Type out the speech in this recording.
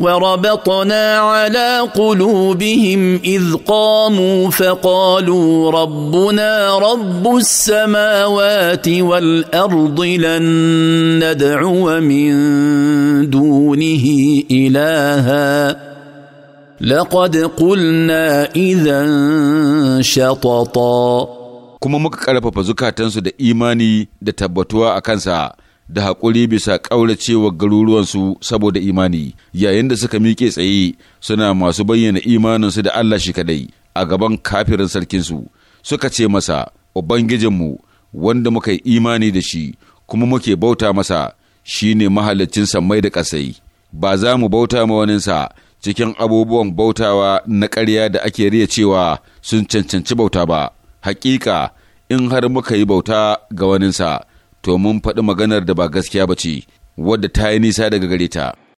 وربطنا على قلوبهم اذ قاموا فقالوا ربنا رب السماوات والارض لن ندعو من دونه الها لقد قلنا اذا شططا kuma muka ƙarfafa zukatansu da imani da tabbatuwa a kansa da haƙuri bisa ƙauracewa garuruwansu saboda imani yayin da suka miƙe tsaye suna masu bayyana imaninsu da Allah shi kadai a gaban kafirin sarkinsu suka ce masa ubangijinmu wanda muka yi imani da shi kuma muke bauta masa shi ne mahalicin mai da ƙasai ba za mu bauta ma waninsa cikin abubuwan bautawa na ƙarya da ake riya cewa sun cancanci bauta ba hakika in har muka yi bauta ga waninsa to mun faɗi maganar da ba gaskiya ba ce wadda ta yi nisa daga gare ta